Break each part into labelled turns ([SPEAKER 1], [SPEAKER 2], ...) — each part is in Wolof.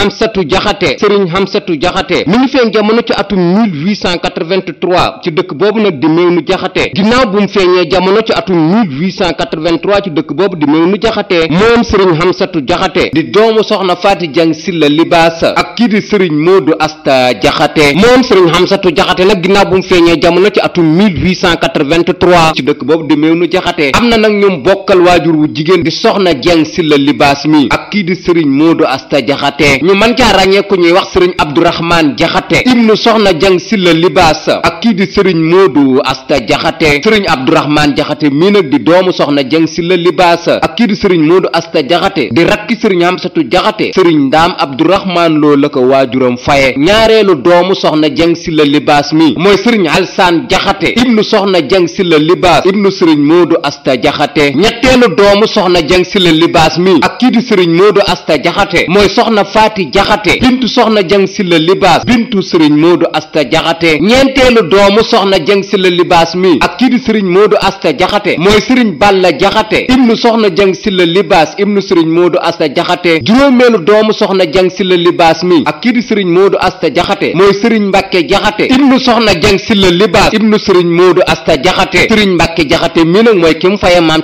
[SPEAKER 1] Hamsatu Jaxate sëriñ Hamsatu Jaxate mi ngi feeñ jamono ci atum 1883 ci dëkk boobu nag di Mewnu Jaxate ginnaaw bu mu feeñee jamono ci atum 1883 ci dëkk boobu di Mewnu Jaxate moom sëriñ Hamsatu Jaxate di doomu soxna Faati Jang Silla Libaasa ak kii di sëriñ Moodu Asta Jaxate moom sëriñ Hamsatu Jaxate nag ginnaaw bu mu feeñee jamono ci atum 1883 ci dëkk boobu di nu Jaxate am na nag ñoom bokkal waajur wu jigéen di soxna Jang Silla Libaas mii ak kii di sëriñ Moodu Asta Jaxate ñu mën caa ràññee ñuy wax sëriñ abdourahman jaxate ibnu soxna jang silla libaas ak kii di sëriñ moodu asta jaxate sëriñ abdourahman jaxate mii nag di doomu soxna jang silla libaas ak kii di sëriñ moodu asta jaxate di rakki sëriñ amsatu jaxate sëriñ ndaam abdourahman loo la ko waajuram faye ñaareelu doomu soxna jang silla libaas mi mooy sëriñ alsaan jaxate ibnu soxna jang silla libaas ibnu sëriñ moodu asta jaxate ñetteelu doomu soxna jang silla libaas mi ak kii di sëriñ moodu asta jaxate mooy soxna faati Fati Jaxate bintu soxna Jeng Silla Libaas bintu sëriñ Moodu Asta Jaxate ñeenteelu doomu soxna Jeng Silla Libaas mi ak kii di sëriñ Moodu Asta Jaxate mooy sëriñ Balla Jaxate ibnu soxna Jeng Silla Libaas ibnu sëriñ Moodu Asta Jaxate juróomeelu doomu soxna Jeng Silla Libaas mi ak kii di sëriñ Moodu Asta Jaxate mooy sëriñ Mbàkke Jaxate ibnu soxna Jeng Silla Libaas ibnu sëriñ Moodu Asta Jaxate sëriñ Mbàkke Jaxate mi nag mooy ki mu faye maam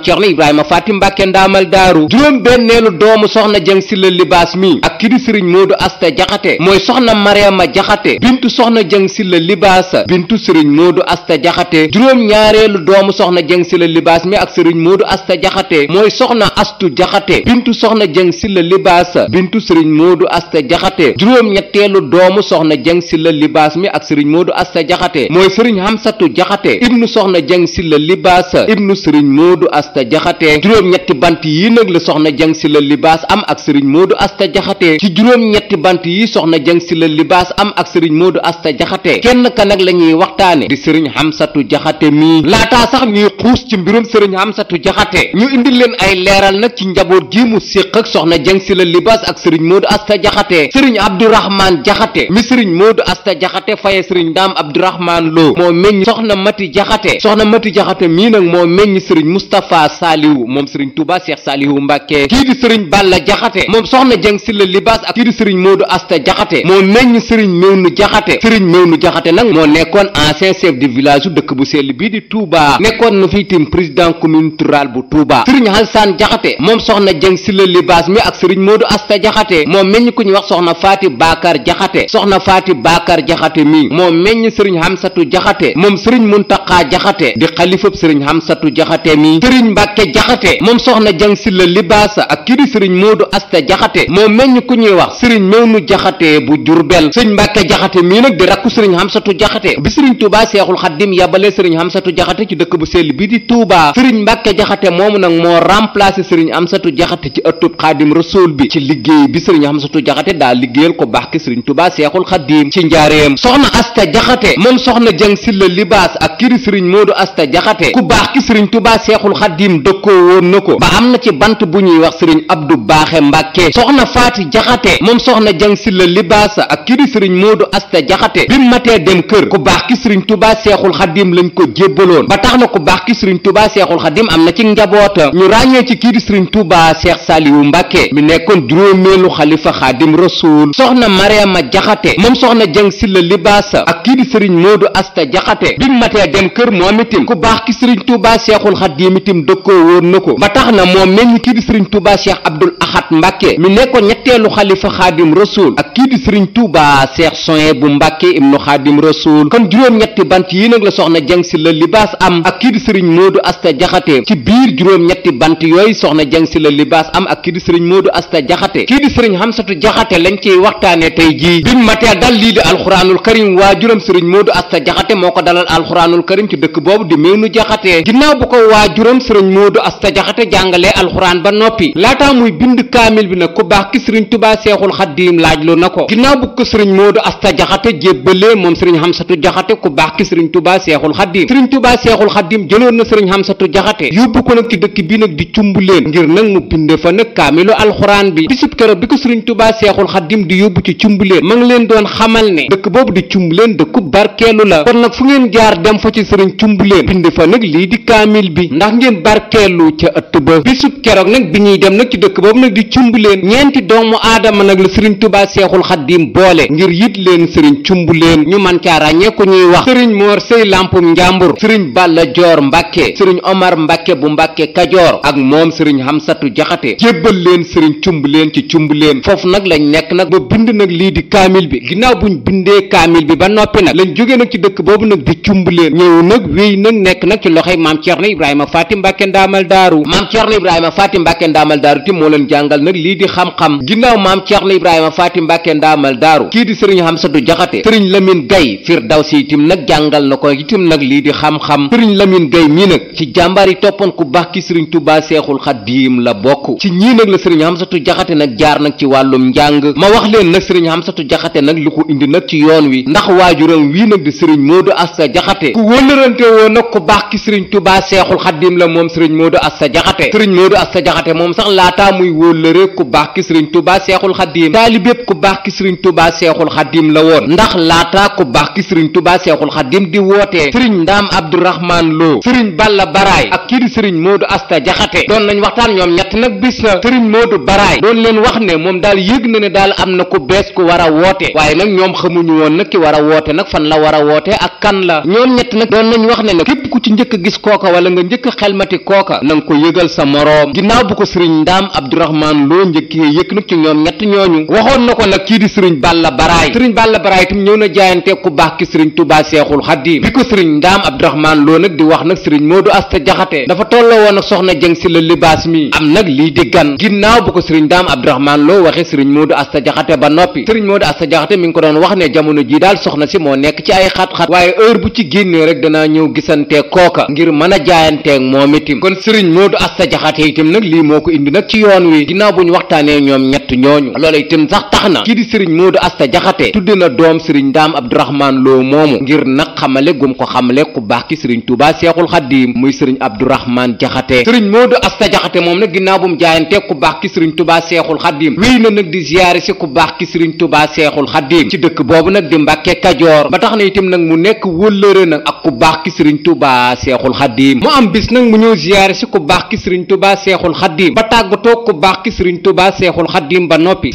[SPEAKER 1] juróom benneelu doomu soxna Jeng Silla Libaas mi ak kii di sëriñ sëriñ moodu asta jaxate mooy soxna mariama jaxate bintu soxna jëng si la libaasa bintu sëriñ moodu asta jaxate juróom-ñaareelu doomu soxna jëng si la libaas mi ak sëriñ moodu asta jaxate mooy soxna astu jaxate bintu soxna jëng si la libaasa bintu sëriñ moodu asta jaxate juróom-ñetteelu doomu soxna jëng si la libaas mi ak sëriñ moodu asta jaxate mooy sëriñ xamsatu jaxate ibnu soxna jëng si la libaasa ibnu sëriñ moodu asta jaxate juróom-ñetti bant yi nag la soxna jëng si la libaas am ak sëriñ moodu asta jaxate ci juróom juróom-ñetti bant yi soxna jëng si la libaas am ak sëriñ moodu asta jaxate kenn ka nag la ñuy waxtaane di sëriñ xamsatu jaxate laataa sax ñuy xuus ci mbirum sëriñ xamsatu jaxate ñu indil leen ay leeral nag ci njaboot gi mu séq ak soxna jëng si la libaas ak sëriñ moodu asta jaxate sëriñ abdourahman jaxate mi sëriñ moodu asta jaxate faye sëriñ ndaam abdourahman loo moo meññ soxna mati jaxate soxna mati jaxate mii nag moo meññ sëriñ moustapha saalihu moom sëriñ touba cheikh saalihu mbàkke kii di sëriñ balla jaxate moom soxna jëng si la libaas ak mbiru sëriñ Modou Asta Jaxate moo meññ sëriñ Mewnu Jaxate sëriñ Mewnu Jaxate nag moo nekkoon ancien chef de village su dëkk bu sell bii di Touba nekkoon na fi itam président commune rurale bu Touba sëriñ Alsaan Jaxate moom soxna Jëng Silla Libaas mi ak sëriñ Modou Asta Jaxate moo meññ ku ñuy wax soxna Faati Baakar Jaxate soxna Faati Baakar Jaxate mi moo meññ sëriñ Hamsatu Jaxate moom sëriñ Muntaqa Jaxate di xalifab sëriñ Hamsatu Jaxate mi sëriñ Mbàkke Jaxate moom soxna Jëng Silla Libaas ak kii di sëriñ Modou Asta Jaxate moo meññ ku ñuy wax sëriñ Mawnu Jaxate bu Jurbel sëriñ Mbàkke Jaxate mii nag di rakku sëriñ Xamsatu Jaxate bi sëriñ Tuubaa Seexul Xaddim yabalee sëriñ Xamsatu Jaxate ci dëkk bu sell bi di Tuubaa sëriñ Mbàkke Jaxate moomu nag moo remplacé sëriñ Xamsatu Jaxate ci ëttub Xaadim bi ci liggéey bi sëriñ Xamsatu Jaxate daa liggéeyal ko baax ki sëriñ Tuubaa Seexul Xaddim ci njaareem soxna Asta Jaxate moom soxna Jëng Silla Libaas ak kiri sëriñ Moodu Asta Jaxate ku baax ki sëriñ Tuubaa Seexul Xaddim dëkkoo woon na ko ba am na ci bant bu ñuy wax sëriñ Abdu Baaxe Mbàkke soxna Faati Jaxate moom soxna jang si la libaasa ak kii di sëriñ moodu asta jaxate bi matee dem kër ku baax ki sëriñ tubaa seexul xadim lañ ko jébbaloon ba tax na ku baax ki sëriñ tubaa seexul xadim am na ci njaboota ñu ràññee ci kii di sëriñ tubaa seex saaliwu mbàkke mi nekkoon juróomeelu xalifa xaadim rasuul soxna mariama jaxate moom soxna jang si la libaasa ak kii di sëriñ moodu jaxate bi matee dem kër moom itim ku baax ki sëriñ tubaa seexul xadim itim dëkkoo woon na ko ba tax na moom meññ kii di sëriñ tubaa seex abdul ahad mbàkke mi nekkoon ñetteelu xalifa xaadim rasuul ak kii di sëriñ tuuba bu mbàkke ibnu xaadim rasuul kon juróom yi nag la soxna jang si la libaas am ak kii di sëriñ moodu asta jaxate ci biir juróom-ñetti bant yooyu soxna jang si la libaas am ak kii di sëriñ moodu asta jaxate kii di sëriñ xamsatu jaxate lañ ciy waxtaane tey jii biñ matee dal lii di alxuraanul karim waajuram sëriñ moodu asta jaxate moo ko dalal alxuraanul karim ci dëkk boobu di meenu jaxate ginnaaw bu ko waajuram sëriñ moodu asta jaxate jàngalee alxuraan ba noppi laata muy bind kaamil bi nag ku baax ki sëriñ tuuba seexu cheikhul xaddiim laajlu na ko ginnaaw bu ko sëriñ moodu asta jaxate jébbalee moom sëriñ xamsatu jaxate ku baax ki sëriñ tubaa seexul xaddiim sëriñ tubaa seexul xaddiim bi nag di cumb leen ngir nag mu bi bisib keroog bi ko sëriñ tubaa seexul xaddiim di yóbbu ci cumb leen ma ngi leen doon xamal ne dëkk boobu di cumb leen dëkku barkeelu la kon nag fu ngeen jaar dem fa ci sëriñ cumb leen binde fa nag lii di kaamil bi ndax ngeen barkeelu ca ëtt ba bisub keroog nag bi ñuy dem nag ci dëkk boobu nag di cumb leen ñeenti doomu aadama nag la sëriñ tubaa seexul xaddiim boole ngir yit leen sëriñ cumbuleen ñu man caa ràññee ku ñuy wax sëriñ moor sëy lampum njàmbur sëriñ balla joor mbàkke sëriñ omar mbàkke bu mbàkke kajoor ak moom sëriñ xamsatu jaxate jébbal leen sëriñ leen ci cumb leen foofu nag lañ nekk nag ba bind nag lii di kaamil bi ginnaaw buñ bindee kaamil bi ba noppi nag lañ jógee nag ci dëkk boobu nag di leen ñëw nag wéy nag nekk nag ci loxo maam Cerno ibrahima faati mbàkke ndaamal daaru maam Cerno ibrahima faati mbàkke ndaamal daaru ti moo leen jàngal nag lii Ceerno Ibrahima Faati Mbàkke ndaamal daaru kii di sëriñ Hamsatu Jaxate sëriñ Lamin Gay Firdawsi itim nag jàngal na ko itim nag lii di xam-xam sëriñ Lamin Gay mii nag ci jàmbaar yi toppoon ku baax ki sëriñ Tuubaa Seexul Xadiim la bokk ci ñii nag la sëriñ Hamsatu Jaxate nag jaar nag ci wàllum njàng ma wax leen nag sëriñ Hamsatu Jaxate nag li ko indi nag ci yoon wi ndax waajuram wii nag di sëriñ Moodu Asta Jaxate ku wëllërante woon nag ku baax ki sëriñ Tuubaa Seexul Xadiim la moom sëriñ Moodu Asta Jaxate sëriñ Moodu Asta Jaxate moom sax laataa muy wóllëre ku baax xaddiim taalibépp ku baax ki sëriñ tubaa seexul xaddiim la woon ndax laata ku baax ki sëriñ tubaa seexul xaddiim di wootee sëriñ ndaam abdourahmaan loo sëriñ balla baraay ak kii di sëriñ moodu asta jaxate doon nañ waxtaan ñoom ñett nag bis na sëriñ moodu baraay doon leen wax ne moom daal yëg na ne daal am na ko bees ku war a woote waaye nag ñoom xamuñu woon nag ki war a woote nag fan la war a woote ak kan la ñoom ñett nag doon nañ wax ne ne képp ku ci njëkk a gis kooka wala nga njëkk a xelmati kooka ko yëgal sa moroom ginnaaw bu ko sëriñ ndaam abdourahmaan loo njëkkee yëg nag ci ñoom ñooñu waxoon na ko nag kii di sëriñ Balla Baraay sëriñ Balla Baraay itam ñëw na jaayante ku baax ki sëriñ Touba Seexul Xadiim bi ko sëriñ Ndaam Abdourahmane loo nag di wax nag sëriñ Modou Asta Jaxate dafa tolloo woon ak soxna Jeng si la libaas mi am nag lii di gan bu ko sëriñ Ndaam Abdourahmane Lo waxee sëriñ Modou Asta Jaxate ba noppi sëriñ Modou Asta Jaxate mi ngi ko doon wax ne jamono ji daal soxna si moo nekk ci ay xat-xat waaye heure bu ci génnee rek danaa ñëw gisante kooka ngir mën a jaayanteeg moom itim kon sëriñ Modou Asta Jaxate itam nag lii moo ko indi nag ci yoon wi ginnaaw bu ñu waxtaanee ñoom ñett ñooñu loola itam sax tax na kii di sëriñ Modou Asta Jaxate tudde na doom sëriñ Ndaam Abdourahmane Lo moomu ngir nag xamale gum ko xamale ku baax ki sëriñ Touba Seexul Xaddiim muy sëriñ Abdourahmane Jaxate sëriñ Modou Asta Jaxate moom nag ginnaaw bu mu jaayante ku baax ki sëriñ Touba Seexul Xaddiim wéy na nag di ziyaare si ku baax ki sëriñ Touba Seexul Xaddiim ci dëkk boobu nag di Mbàkke Kajoor ba tax na itam nag mu nekk wëllëre nag ak ku baax ki sëriñ Touba Seexul Xaddiim mu am bis nag mu ñëw ziyaare si ku baax ki sëriñ Touba Seexul Xaddiim ba tàggatoo ku baax ki sëriñ Touba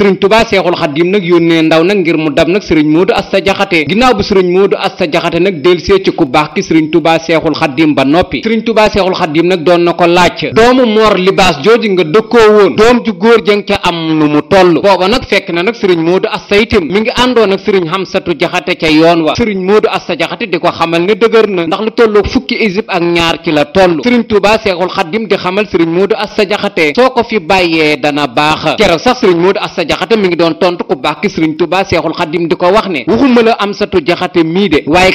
[SPEAKER 1] sëriñ tubaa seexul xaddim nag yónnee ndaw nag ngir mu dab nag sëriñ moodu asta jaxate ginnaaw bu sëriñ moodu asta jaxate nag delsee ci ku baax ki sëriñ tubaa seexul xaddim ba noppi sëriñ tubaa seexul xaddim nag doon na ko laaj doomu moor libaas jooju nga dëkkoo woon doom ju góor jang ca am lu mu toll booba nag fekk na nag sëriñ moodu asta itam mi ngi àndoon ak sëriñ xamsatu jaxate ca yoon wa sëriñ moodu asta jaxate di ko xamal ne dëgër na ndax lu tolloo fukki isib ak ñaar ci la toll sëriñ tubaa seexul xaddim di xamal sëriñ moodu asta jaxate soo ko fi bàyyee dana baax keroog sax sëriñ moodu asta jaxate mi ngi doon tontu ku baax ki sëriñ tubaa seexul xadim di ko wax ne waxuma la amsatu jaxate mii de waaye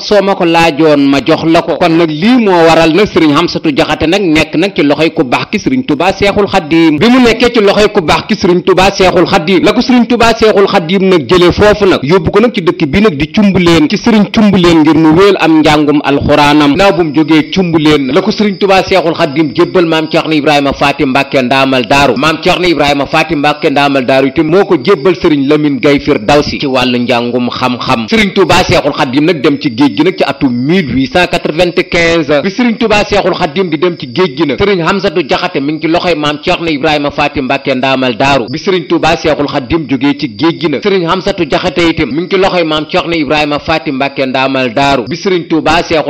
[SPEAKER 1] soo ma ko laajoon ma jox la ko kon nag lii moo waral nag sëriñ amsatu jaxate nag nekk nag ci loxoy ku baax ki sëriñ tubaa seexul xadim bi mu nekkee ci loxoy ku baax ki sëriñ tubaa seexul xadim la ko sëriñ tubaa seexul xadim nag jëlee foofu nag yóbbu ko nag ci dëkk bi nag di cumbuleen ci sëriñ cumbuleen ngir mu wéel am njàngum alxuraanam naaw bu mu jógee cumbuleen la ko sëriñ tubaa seexul xadim jébbal maam Ceerno Ibrahima Faati Mbàkke ndaamal daaru maam Ceerno Ibrahima Faati Mbàkke ndaamal daaru te moo ko jébbal sëriñ Lamin Gay Firdawsi ci wàllu njàngum xam-xam sëriñ Tuubaa Seexul Xadiim nag dem ci géej gi nag ci atum 1895 bi sëriñ Tuubaa Seexul Xadiim di dem ci géej gi nag sëriñ Hamsatu Jaxate mi ngi ci loxoy maam Ceerno Ibrahima Faati Mbàkke ndaamal daaru bi sëriñ Tuubaa Seexul Xadiim jógee ci géej gi nag sëriñ Hamsatu Jaxate itam mi ngi ci loxoy maam Ceerno Ibrahima Faati Mbàkke ndaamal daaru bi sëriñ Tuubaa Seexul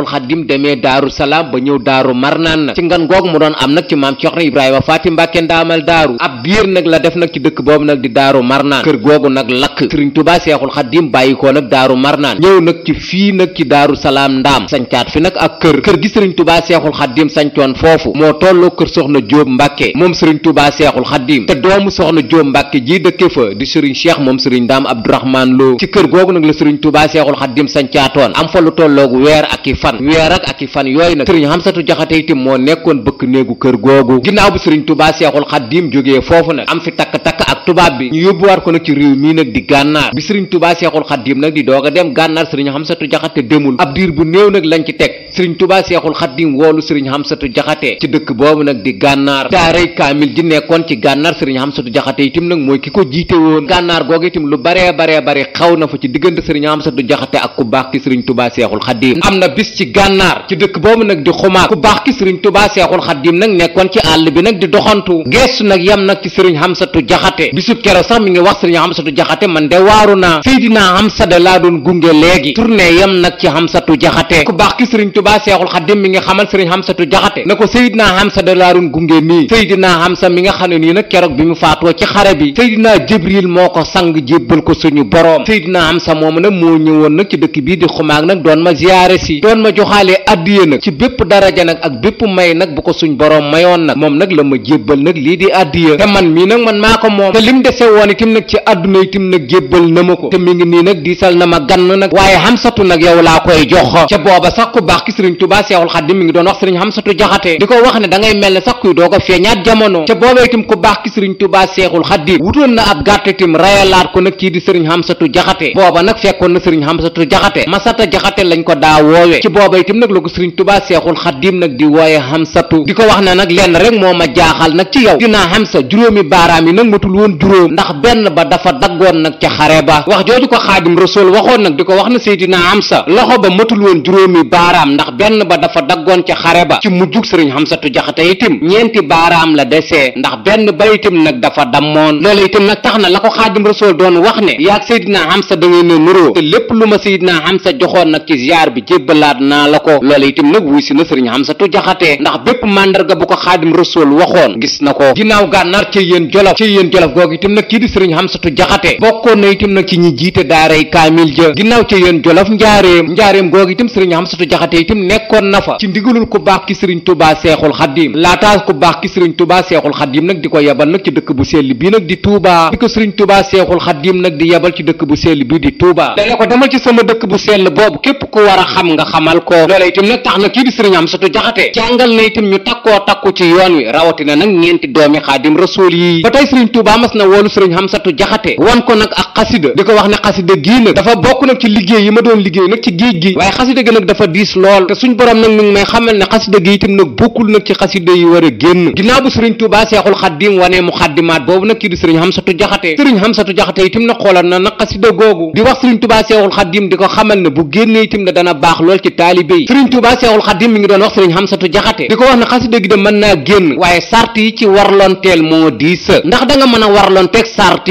[SPEAKER 1] def nag ci dëkk boobu nag di daaru marnaan kër googu nag lakk sëriñ tubaa seexul xaddim bàyyi ko nag daaru marnaan ñëw nag ci fii nag ci daaru salaam ndaam sancaat fi nag ak kër kër gi sëriñ tubaa seexul xaddim sancoon foofu moo tolloo kër soxna jóob mbàkke moom sëriñ tubaa seexul xaddim te doomu soxna jóob mbàkke jii dëkke fa di sëriñ cheikh moom sëriñ ndaam abdourahmaan loo ci kër googu nag la sëriñ tubaa seexul xaddim sancaatoon am fa lu tolloogu weer ak i fan ak i fan yooyu nag sëriñ xamsatu jaxate itam moo nekkoon bëkk néegu kër googu ginnaaw bu tubaa seexul xaddim jógee takk-takk ak tubaab bi ñu yóbbuwaat ko nag ci réew mii nag di gànnaar bi sëriñ tubaa seexul xaddiim nag di a dem gànnaar sëriñ xamsatu jaxate demul ab diir bu néew nag lañ ci teg sëriñ tubaa seexul xaddiim woolu sëriñ xamsatu jaxate ci dëkk boobu nag di gànnaar daaray kaamil ji nekkoon ci gànnaar sëriñ xamsatu jaxate itam nag doxantu geestu nag yam nag ci sëriñ xamsatu Amsatu Jaxate bisub de da laa doon gunge léegi tournée yam nag ci Amsatu Jaxate ku baax ki sëriñ Tuubaa Seexul Xadim mi ngi xamal sëriñ Amsatu na ko Seydina Amsa da laa doon gunge nii Seydina Amsa mi nga xam ne nii nag keroog bi mu faatoo ci xare bi Seydina Jibril moo ko sang jébbal ko suñu boroom Seydina Amsa moomu nag moo ñëwoon nag ci dëkk bii di xumaag nag doon ma ziyaare si doon ma joxaalee addiye nag ci bépp daraja nag ak bépp may nag bu ko suñ boroom mayoon nag moom nag la ma jébbal nag lii di addiya te man mii nag man maa ko moom te lim dese woon itam nag ci àdduna itam nag jébbal na ma ko te mi ngi nii nag diisal na ma gann nag waaye xamsatu nag yow laa koy jox ca booba sax ku baax ki sëriñ tubaa seexul xaddim da ngay mel ne sax kuy doog a feeñaat jamono ca booba itam ku wutoon na ab gàtt itam rayalaat ko nag kii di sëriñ xamsatu jaxate booba nag fekkoon na sëriñ xamsatu jaxate masata jaxate lañ ko daa woowe ci booba itam nag la ko sëriñ tubaa seexul xaddim nag di wooye xamsatu di ko wax ne nag lenn rek moo ma jaaxal mi nag matul woon ndax benn ba dafa daggoon nag ca xare ba wax jooju ko xaadim rasool waxoon nag di ko wax na seydina Hamsa loxo ba matul woon juróomi baaraam ndax benn ba dafa daggoon ca xare ba ci mujjug sëriñ Hamsatu Jaxate itam ñeenti baaraam la desee ndax benn ba itam nag dafa dammoon loola itam nag tax na la ko xaadim rasool doon wax ne yaag seydina Hamsa da ngay ne nuroo te lépp lu ma seydina Hamsa joxoon nag ci ziar bi jébbalaat naa la ko loola itam nag wuy si na sëriñ Hamsatu Jaxate ndax bépp màndarga bu ko xaadim rasool waxoon gis na ko ginnaaw gànnaar ca yéen jolof ca yéen jolof googu itam nag kii di sëriñ Xamsatu Jaxate bokkoon na itam nag ci ñi jiite daaray kaamil ja ginnaaw ca yéen jolof njaareem njaareem googu itam sëriñ Xamsatu Jaxate itam nekkoon na fa ci ndigalul ku baax ki sëriñ Tuubaa Seexul Xaddiim laataa ku baax ki sëriñ Tuubaa Seexul Xaddiim nag di ko yebal nag ci dëkk bu sell bii nag di Tuubaa bi ko sëriñ Tuubaa Seexul Xaddiim nag di yebal ci dëkk bu sell bii di Tuubaa dana ko demal ci sama dëkk bu sell boobu képp ku war a xam nga xamal ko loola itam nag tax na kii di sëriñ Xamsatu Jaxate jàngal na itam ñu takkoo takku ci yoon wi rawatina nag ñeenti doomi Xaadim Rasuul yi sëriñ Touba mas na woolu sëriñ Hamsatu Jaxate wan ko nag ak xasida di ko wax ne xasida gii nag dafa bokk nag ci liggéey yi ma doon liggéey nag ci géej gi waaye xasida gi nag dafa diis lool te suñ borom nag may xamal ne xasida gi itam nag bokkul nag ci xasida yi war a génn ginnaaw bu sëriñ Touba Seexul Xaddim wanee mu boobu nag kii di sëriñ Hamsatu Jaxate sëriñ Hamsatu Jaxate itam nag xoolal nag xasida googu di wax sëriñ Touba Seexul Xaddim ndax da nga mën a warloon teg sart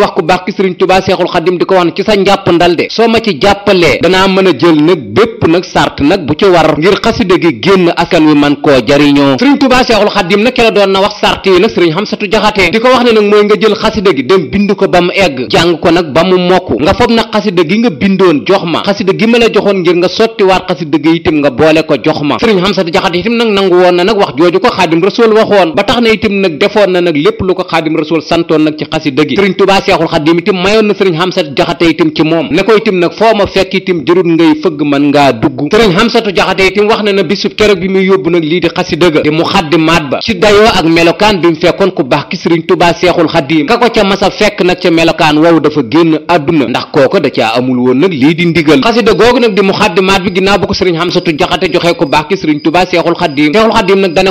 [SPEAKER 1] wax ku baax ki sëriñ Tuubaa Seexul Xadim di ko wax ne ci sa njàpp ndal de soo ma ci a nag bépp nag sart nag bu ci war ngir xasida gi génn man koo jariñoo sëriñ Tuubaa doon na wax sart yi nag sëriñ Hamsatu Jaxate di ko wax ne nag mooy nga jël xasida gi dem bind ko ba mu egg jàng ko nag ba mu mokk nga fob nag xasida gi nga bindoon jox ma xasida gi ma la joxoon ngir nga sottiwaat xasida gi itam nga boole ko jox ma sëriñ Hamsatu Jaxate itam nag nangu woon na nag wax jooju ko Xadim Rasul waxoon ba tax na itam nag defoon na nag lépp lu ko xaadim rasul santoon nag ci xasida gi sëriñ tubaa seexul xaadim itam mayoon na sëriñ xamsatu jaxate itam man ngaa dugg sëriñ xamsatu jaxate wax na na bisub keroog bi muy yóbbu nag lii di xasida ga di mu xaddimaat ba ci dayoo ak melokaan bi mu fekkoon ku baax ki sëriñ tubaa seexul xaadim ka ko ca masa fekk nag ca melokaan woowu dafa génn àdduna ndax kooko da caa amul woon nag lii di ndigal xasida googu nag di mu xaddimaat bi ginnaaw bu ko sëriñ xamsatu jaxate joxee ku baax ki sëriñ tubaa seexul xaadim seexul xaadim nag dana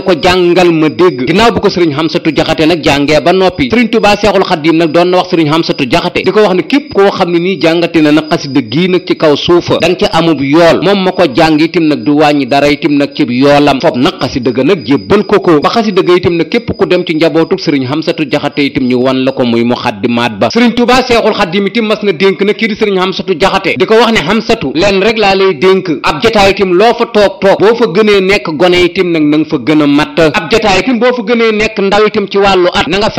[SPEAKER 1] ginnaaw bu ko sëriñ xamsatu jaxate nag jàngee ba noppi sëriñ tubaa seexul xaddiim nag doon na wax sëriñ xamsatu jaxate di ko wax ne képp koo xam ne nii jàngate na nag nag ci kaw suufa da nga ci amub yool moom ma ko jàng itam nag du wàññi dara itam nag ba xasida ku dem ci njabootuk sëriñ xamsatu jaxate itam ñu wan la ko muy mu xaddimaat ba sëriñ tubaa seexul xaddiim itam mas na dénk nag kii di sëriñ xamsatu jaxate di ko wax ne xamsatu leen rek laa lay dénk ab jataay itam loo fa toog toog boo fa gënee nekk gone itam nag na fa gën a mat ab jataay itam boo fa boo gënee nekk ndaw itam ci wàllu at na nga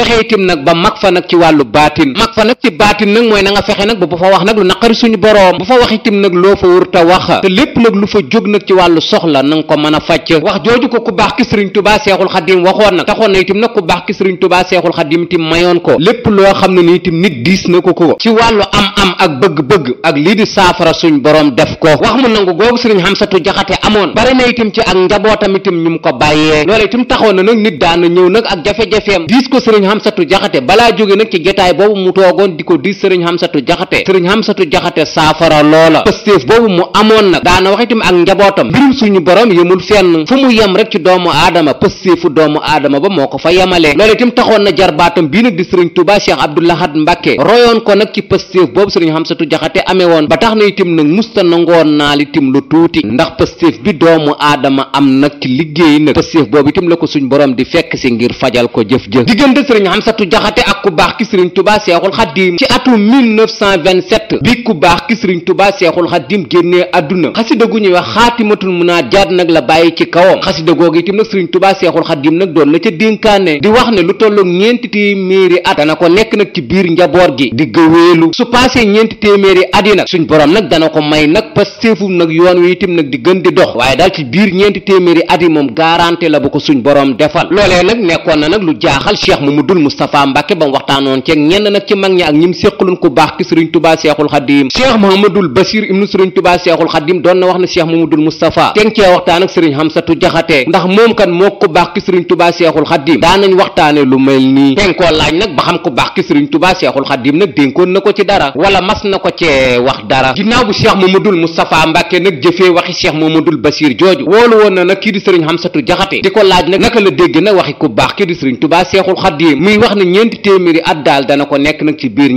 [SPEAKER 1] nag ko a fàcc wax ko ku baax ki sëriñ tubaa seexul xadim waxoon nag taxoon na itam nag ku baax ki sëriñ tubaa seexul xadim itam mayoon ko lépp loo xam ne ni itam nit diis na ko ko ci wàllu am-am ak bëgg-bëgg ak lii di saafara suñ boroom def ko wax mu nangu googu sëriñ xamsatu jaxate amoon bari na itam ci ak njabootam itam ñu ko bàyyee loola itam taxoon na nag nit daa daan na ñëw nag ak jafe-jafeem diis ko sëriñ Hamsatu Jaxate balaa jóge nag ci jotaay boobu mu toogoon di ko diis sëriñ Hamsatu Jaxate sëriñ Hamsatu Jaxate mu amoon nag daana wax mu yem rek ba moo ko fa yemalee loolu itam taxoon na jarbaatam bii nag di sëriñ Tuubaa Cheikh Abdou Lahad Mbacke royoon ko nag ci pëstéef boobu sëriñ Hamsatu Jaxate amee ba tax na itam nag musta nangoon naa li itam lu tuuti ndax pëstéef bi doomu aadama am nag ci liggéey nag pëstéef boobu itam la ko suñ borom di fekk fekk si ngir fajal ko jëf jëf diggante sëriñ Hamsatu Jaxate ak ku baax ki sëriñ Tuubaa Seexul Xaddiim ci bi àdduna xasida gu ñuy wax xaatimatul munaajaat nag la bàyyi ci kawam xasida googu itam nag sëriñ Tuubaa Seexul Xaddiim nag doon la ca dénkaane di wax ne lu tolloog ñeenti téeméeri at dana ko nekk nag ci biir njaboot gi di gëweelu su paasee ñeenti téeméeri at yi nag suñ borom nag dana ko may nag pasteefum nag yoon wi itam nag di gën di dox loolee nag nekkoon na nag lu jaaxal cheikh mamadul moustapha mbàkke ba mu waxtaanoon ceeg ñenn nag ci mag ñi ak ñim séqaloon ku baax ki sëriñ tubaa seexul na wax na cheikh mamadul moustapha teng cee waxtaan ak sëriñ xamsatu jaxate ndax moom kan moo ku baax ki sëriñ tubaa seexul xadim daanañ waxtaane lu mel nii teng laaj nag ba xam ku baax ki sëriñ tubaa seexul xadim nag dénkoon na ko ci dara wala mas na ko cee wax dara ginnaaw bu cheikh mamadul moustapha mbàkke nag jëfee waxi cheikh mamadul basir jooju woolu woon na nag kii di sëriñ xamsatu jaxate di ko laaj nag naka la dégg nag waxi ku baax ki di sëriñ tubaa seexul xaddiim muy wax ne ñeenti téeméeri at daal dana gi te fi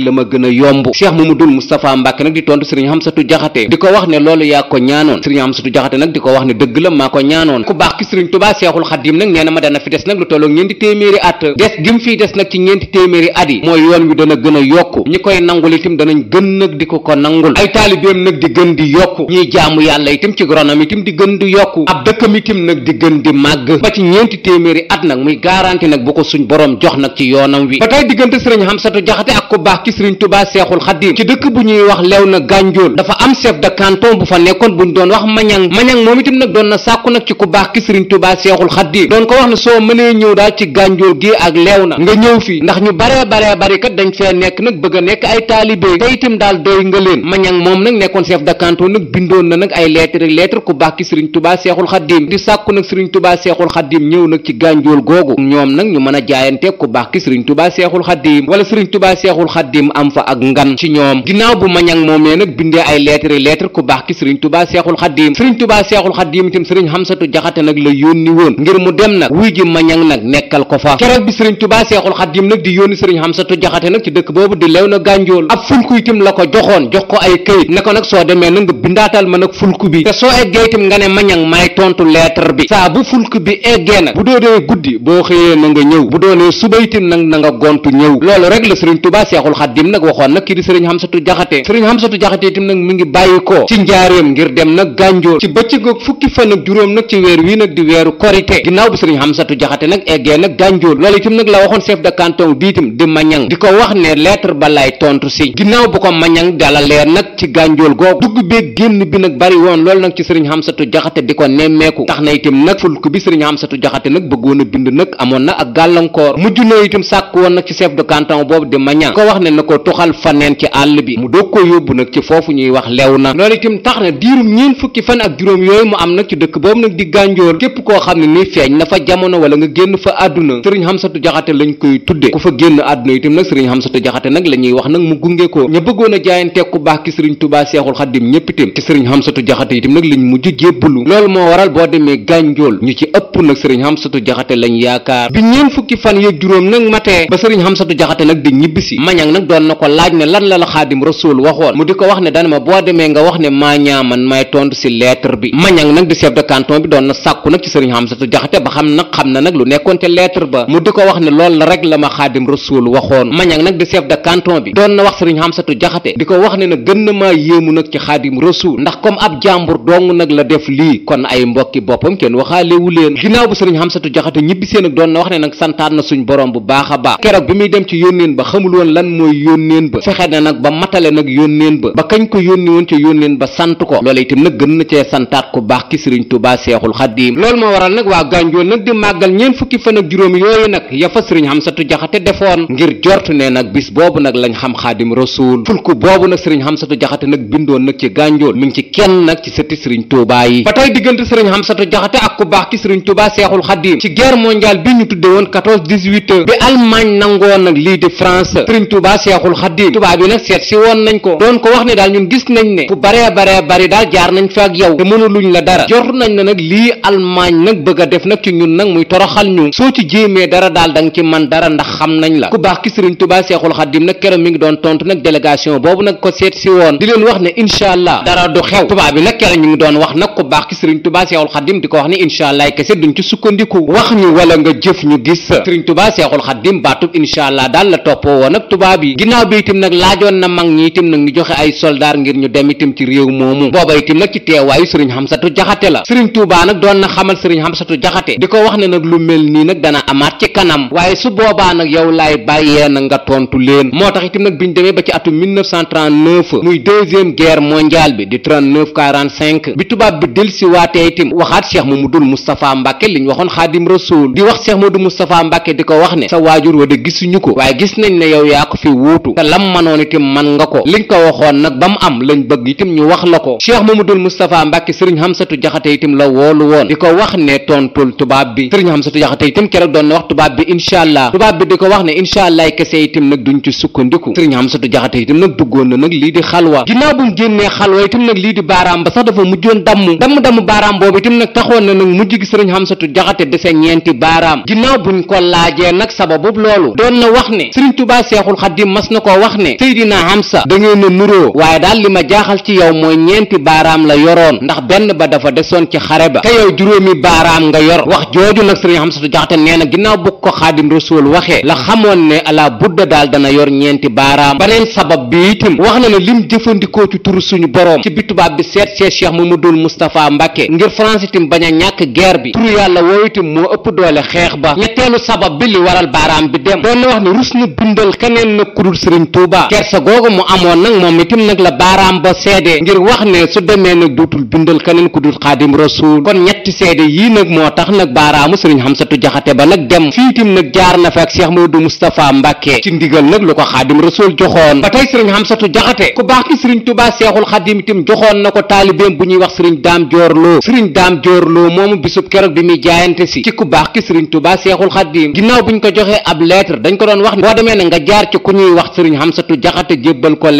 [SPEAKER 1] ma ma gën a yomb seex mamadul mustapha mbàkke nag di tontu sëriñ xamsatu jaxate di ko wax ne loolu yaa ko ñaanoon sëriñ xamsatu jaxate nag di ko des nag ci ñeenti téeméeri at yi gi mooy yoon wi dana gën a yokku ñi koy nangul itam danañ gën nag di ko ko nangul ay taalibeem nag di gën di yokku ñiy jaamu yàlla itam ci gronam itam di gën di yokku ab dëkkam itam nag di gën di màgg ba ci ñeenti téeméeri at nag muy garanti nag bu ko suñ borom jox nag ci yoonam wi ba tey diggante sëriñ Xamsatu Jaxate ak ku baax ci sëriñ Tubaa Seexul Xadiim ci dëkk bu ñuy wax lew na gànjool dafa am chef de canton bu fa nekkoon bu buñ doon wax mañang mañang moom itam nag doon na sàkku nag ci ku baax ki sëriñ Tubaa Seexul Xadiim doon ko wax ne soo mënee ñëw daal ci gànjool gi ak leew na baree bari kat dañ fee nekk nag bëgg a nekk ay taalibe te itam daal doy nga leen mañang moom nag nekkoon chef de canton nag bindoon na nag ay lettre lettre ku baax ki sëriñ tubaa seexul xaddiim di sàkku nag sëriñ tubaa seexul xaddiim ñëw nag ci gànjool googu ñoom nag ñu mën a jaayante ku baax ki sëriñ tubaa seexul xaddiim wala sëriñ tubaa seexul xaddiim am fa ak ngan ci ñoom ginnaaw bu mañang moomee nag bindee ay lettre lettre ku baax ki sëriñ tubaa seexul xaddiim sëriñ tubaa seexul xamsatu jaxate nag la yónni woon ngir mu dem nag wuy ji mañang nag nekkal ko fa keroog bi sëriñ tubaa seexul xaddiim nag di yónni sëriñ Amsatu Jaxate nag ci dëkk boobu di lew na gànjool ab fulku itam la na nga bindaatal ma nag fulku bi te saa bu fulku bi eggee nag bu doonee guddi boo xëyee na nga ñëw bu doonee suba itam nag na nga gontu ñëw loolu rek la sëriñ Tuubaa Seexul Xaddim nag waxoon nag kii di sëriñ Amsatu Jaxate sëriñ Amsatu Jaxate itam nag mi ngi bàyyi ko ci njaareem ngir dem nag gànjool ci bëccëg ak fukki fan ak juróom nag ci weer wii nag di weeru korite ginnaaw bi sëriñ Amsatu Jaxate nag eggee nag gànjool loolu itam nag la waxoon chef de canton bi itam mañang di ko wax ne lettre ba lay tontu si ginnaaw bu ko mañang dalalee nag ci gànjool googu dugg bee génn bi nag bari woon loolu nag ci sëriñ xamsatu jaxate di ko nemmeeku tax na itam nag fulk bi sëriñ xamsatu jaxate nag bëggoon a bind na ak gàllankoor mujj na itam sàkk woon nag ci chef di ko wax ne na ko tuxal faneen ci àll bi mu doog ko yóbbu nag ci foofu ñuy wax lew na loolu itam tax na diirum ñeen fukki fan ak juróom yooyu mu am nag ci dëkk boobu nag di gànjool képp koo xam ne ni feeñ na fa jamono wala nga génn fa àdduna sëriñ xamsatu jaxate ne itam nag sëriñ Xamsatu Jaxate nag la ñuy wax nag mu gunge ko ña bëggoon a jaayante ku baax ki sëriñ Tuubaa Seexul Xaddim ñëpp itam ci sëriñ Xamsatu Jaxate itam nag lañ mujj jébbalu yaakaar bi ñeen fukki fan yeeg juróom nag matee ba sëriñ Xamsatu Jaxate nag di ñibbisi mañang nag doon na ko laaj ne lan la la Xaadim waxoon mu di ko wax ne daan boo demee nga wax ne maa ñaaman may tontu si lettre bi mañang nag di chef de bi doon na sàkku nag ci sëriñ Xamsatu Jaxate waxoon mañang nag di chef de canton a ba ba fexe na nag ba matale nag yónneen ba ba kañ ko yónni woon ca yónneen ba sant ko loola itam nag gën na cee santaat ku baax ki sëriñ Tuubaa Seexul Xadiim loolu moo waral nag waa Gànjool nag di màggal ñeen fukki fan ak juróom yooyu nag ya fa sëriñ Hamsatu Jaxate defoon ngir rafet jortu ne nag bis boobu nag lañ xam xaadim rasuul fulku boobu nag sëriñ xamsatu jaxate nag bindoon nag ci gànjool mi ci kenn nag ci sëriñ tuubaa yi ba tey diggante sëriñ xamsatu jaxate ak ku baax ki sëriñ tuubaa seexul xaadim ci guerre mondiale bi ñu tudde woon 14 18 bi Allemagne nangoon nag lii di France sëriñ tuubaa seexul xaadim tubaab yi nag seet si woon nañ ko doon ko wax ne daal ñun gis nañ ne fu baree baree bari daal jaar nañ fa ak yow te mënu a baax ki sëriñ tubaa seexul xaddim nag keroog mi ngi doon tontu nag délégation boobu nag ko seet si woon di leen wax ne incha allah dara du xew tubaab bi nag keroog ñu ngi doon wax nag ku baax ki sëriñ tubaa seexul xaddim di ko wax ne incha allah kese la toppoo woon nag tubaab yi ginnaaw bi itam nag laajoon na mag ñi itam nag ñu joxe ay soldaar ngir ñu dem itam ci réew moomu booba itam nag ci teewaayu sëriñ xamsatu jaxate la sëriñ tubaa nag doon na xamal sëriñ xamsatu jaxate di ko wax ne nag lu mel nii nag dana amaat ci kanam waaye su yeen nga tontu leen moo tax itam nag bi ñu demee ba ci atum 1939 muy deuxième guerre mondiale bi di 39 45 bi tubaab bi delsi waatee itam waxaat cheikh mamadul moustapha mbàkke li ñu waxoon xaadim rasul di wax cheikh mamadou moustapha mbàkke di ko wax ne sa waajur wa de gisuñu ko waaye gis nañ ne yow yaa ko fi wuutu te lam manoon itam man nga ko liñ ko waxoon nag ba mu am lañ bëgg itam ñu wax la ko cheikh mamadul moustapha mbàkke sëriñ xamsatu jaxate itam la woolu woon di ko wax ne tontul tubaab bi sëriñ xamsatu jaxate na wax tubaab bi incha allah tubaab bi di ko wax ne incha allah yàllaay kese itam nag duñ ci sukkandiku sëriñ Amsatu Jaxate itam nag duggoon na nag lii di xalwa ginnaaw bu mu génnee xalwa itam nag lii di baaraam ba sax dafa mujjoon damm damm-damm baaraam boobu itam nag taxoon na nag mujj gi sëriñ Amsatu Jaxate dese ñeenti baaraam ginnaaw buñ ko laajee nag sababu loolu doon na wax ne sëriñ Tuubaa Seexul mas na ko wax ne Seydina Amsa da ngeen a nuroo waaye daal li ma jaaxal ci yow mooy ñeenti baaraam la ba dafa desoon ci xare ba te yow juróomi baaraam nga yor wax jooju nag sëriñ Amsatu Jaxate nee na ginnaaw bu ko Xaadim Rasuul waxee la xamoon ne ala budda daal dana yor ñeenti baaraam baneen sabab bi itam wax na ne lim jëfandikoo ci turu suñu boroom ci bi tubaab bi seet seet cheikh mamadul moustapha mbàkke ngir france itam bañ a ñàkk guerre bi turu yàlla woowu itam moo ëpp doole xeex ba ñetteelu sabab bi li waral baaraam bi dem doon na wax ne rus na bindal keneen nag kudul sëriñ tuuba kersa googu mu amoon nag moom itam nag la baaraam ba seede ngir wax ne su demee nag duutul bindal keneen kudul xaadim moo tax nag baaraamu sëriñ xamsatu jaxate ba nag dem fii itam Mountakha Mbàkke ci ndigal nag lu ko xaadim rasul joxoon ba tey sëriñ Hamsatu Jaxate ku baax ki sëriñ Tuubaa Seexul Xaadim ko taalibeem bu ñuy wax sëriñ Daam Joorloo sëriñ Daam Joorloo moomu bisub keroog bi muy jaayante si ci ku baax ki sëriñ Tuubaa Seexul Xaadim ginnaaw buñ ko joxee ab lettre dañ ko doon wax boo Jaxate jébbal la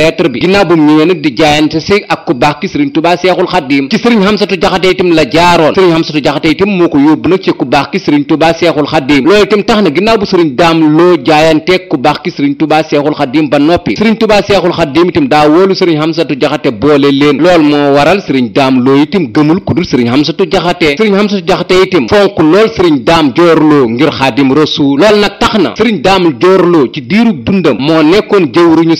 [SPEAKER 1] jaaroon sëriñ Hamsatu Jaxate itam moo ko yóbbu nag ci ku baax ki sëriñ Tuubaa Seexul Xaadim loolu itam tax na ginnaaw bu sëriñ Daam Loo jaayante jaayanteeg ku baax ki sëriñ tubaa seexul xaddiim ba noppi sëriñ tubaa seexul xaddiim itam daa wóolu sëriñ xamsatu jaxate boole leen lool moo waral sëriñ daam loo itam gëmul ku dul sëriñ xamsatu jaxate sëriñ xamsatu jaxate itam fonk lool sëriñ daam joorloo ngir xaadim rasuul lool nag tax na sëriñ daam joorloo ci diiru dundam moo nekkoon jëwruñu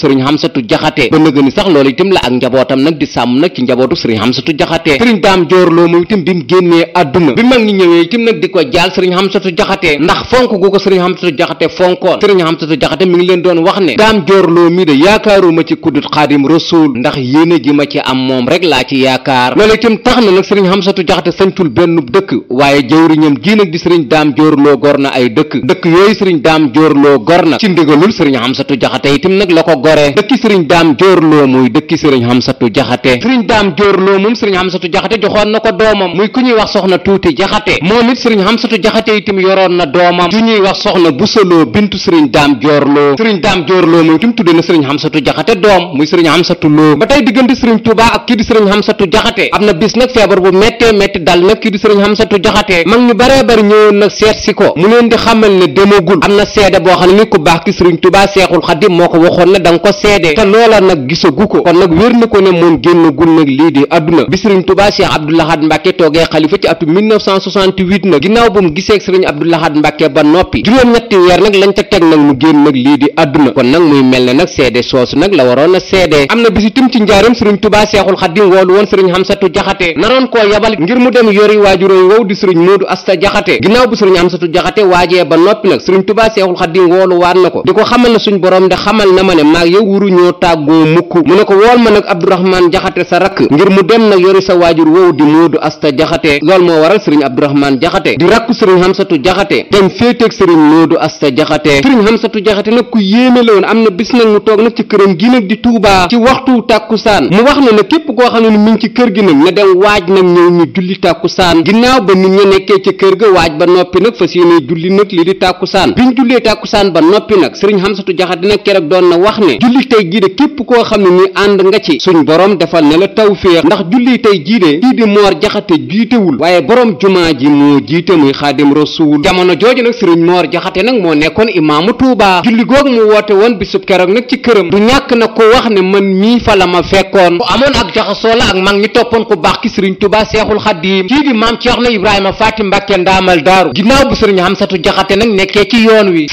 [SPEAKER 1] moom itam bi génnee àdduna bi mag ñi ñëwee itam nag di ko jaal sëriñ xamsatu jaxate ndax fonk gu ko sëriñ xamsatu jaxate fonkoon Amsatou Diakhaté mi ngi leen doon wax ne daam joorloo mi de yaakaaruma ci kuddut xaadim rasuul ndax yéene ji ma ci am moom rek laa ci yaakaar loolu itam tax na nag sëriñ Amsatou Diakhaté sañtul benn dëkk waaye jëwriñam ji nag di sëriñ daam joorloo gor na ay dëkk dëkk yooyu sëriñ daam joorloo gor na ci ndigalul sëriñ Amsatou Diakhaté itam nag la ko goree dëkki sëriñ daam joorloo muy moom sëriñ Amsatou Diakhaté joxoon na ko doomam muy ku ñuy wax soxna tuuti Jaxate moom it sëriñ Amsatou Diakhaté itam yoroon na doomam ju ñuy wax soxna busaloo bintu sëriñ daam joorloo sëriñ daam joorloo moom na sëriñ xamsatu jaxate doom muy sëriñ xamsatu loo ba tey diggante sëriñ tuuba ak kii di sëriñ xamsatu jaxate am na bis nag feebar bu méttee métti dal nag kii di sëriñ xamsatu jaxate mag ñu baree bari ñëwoon nag seet si ko mu leen di xamal ne demagul am na seede boo xam ne ku baax ki sëriñ tuuba seexul xadim moo ko waxoon ne da nga ko seede te loola nag gisagu ko kon nag wér na ko ne moom génnagul nag lii di àdduna ba noppi ñetti weer nag lañ ca teg nag mu génn nag lii di àdduna kon nag muy mel ne nag seede soosu nag la waroon a seede am na bisi tim ci njaaram sëriñ tubaa seexul xaddim woolu woon sëriñ xamsatu jaxate naroon koo yabal ngir mu dem yori waajuróom wow di sëriñ moodu asta jaxate ginnaaw bu sëriñ xamsatu jaxate waajee ba noppi nag sëriñ tubaa seexul xaddim woolu waat na ko di ko xamal na suñ borom de xamal na ma ne maag yow wuru ñoo tàggoo mukk mu ne ko wool ma nag abdourahman jaxate sa rakk ngir mu dem nag yori sa waajur wow di moodu asta jaxate loolu moo waral sëriñ abdourahman jaxate di rakku sëriñ xamsatu asta jaxate sëriñ xamsatu jaxate nag ku yéeme la woon am na bis nag mu toog nag ci këram gi nag di tuubaa ci waxtu tàkkusaan mu wax na ne képp koo xam ne mi ngi ci kër gi nag na dem waaj nag ñëw ñu julli tàkkusaan ginnaaw ba nit ña nekkee ca kër ga waaj ba noppi nag fa yéene julli nag lii di tàkkusaan biñ jullee tàkkusaan ba noppi nag sëriñ xamsatu jaxate nag keroog doon na wax ne julli tey jii de képp koo xam ne ni ànd nga ci suñ borom defal ne la tawféex ndax julli tey jii de kii di moor jaxate jiitewul waaye borom jumaa ji moo jiite muy xaadim rasul jamono jooju nag sëriñ moor jaxate nag moo nekkoon imaamu Touba julli goog mu woote woon bisub keroog nag ci këram du ñàkk nag ko wax ne man mii fa la ma fekkoon ku amoon ak jaxasoo la ak mag ñi toppoon ku baax ki sëriñ Touba Seexul Xadiim kii di maam Ceerno Ibrahima Faati Mbàkke ndaamal daaru ginnaaw bu sëriñ Xamsatu Jaxate nag nekkee ci yoon wi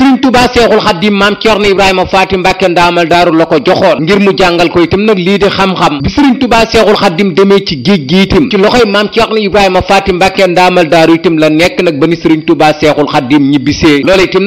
[SPEAKER 1] Ibrahima Faati Mbàkke ndaamal daaru la ko joxoon ngir mu jàngal ko itam nag lii di xam-xam bi sëriñ Touba Seexul Xadiim demee ci géej gi itam ci loxoy maam Ceerno Ibrahima Faati Mbàkke ndaamal daaru itam la nekk nag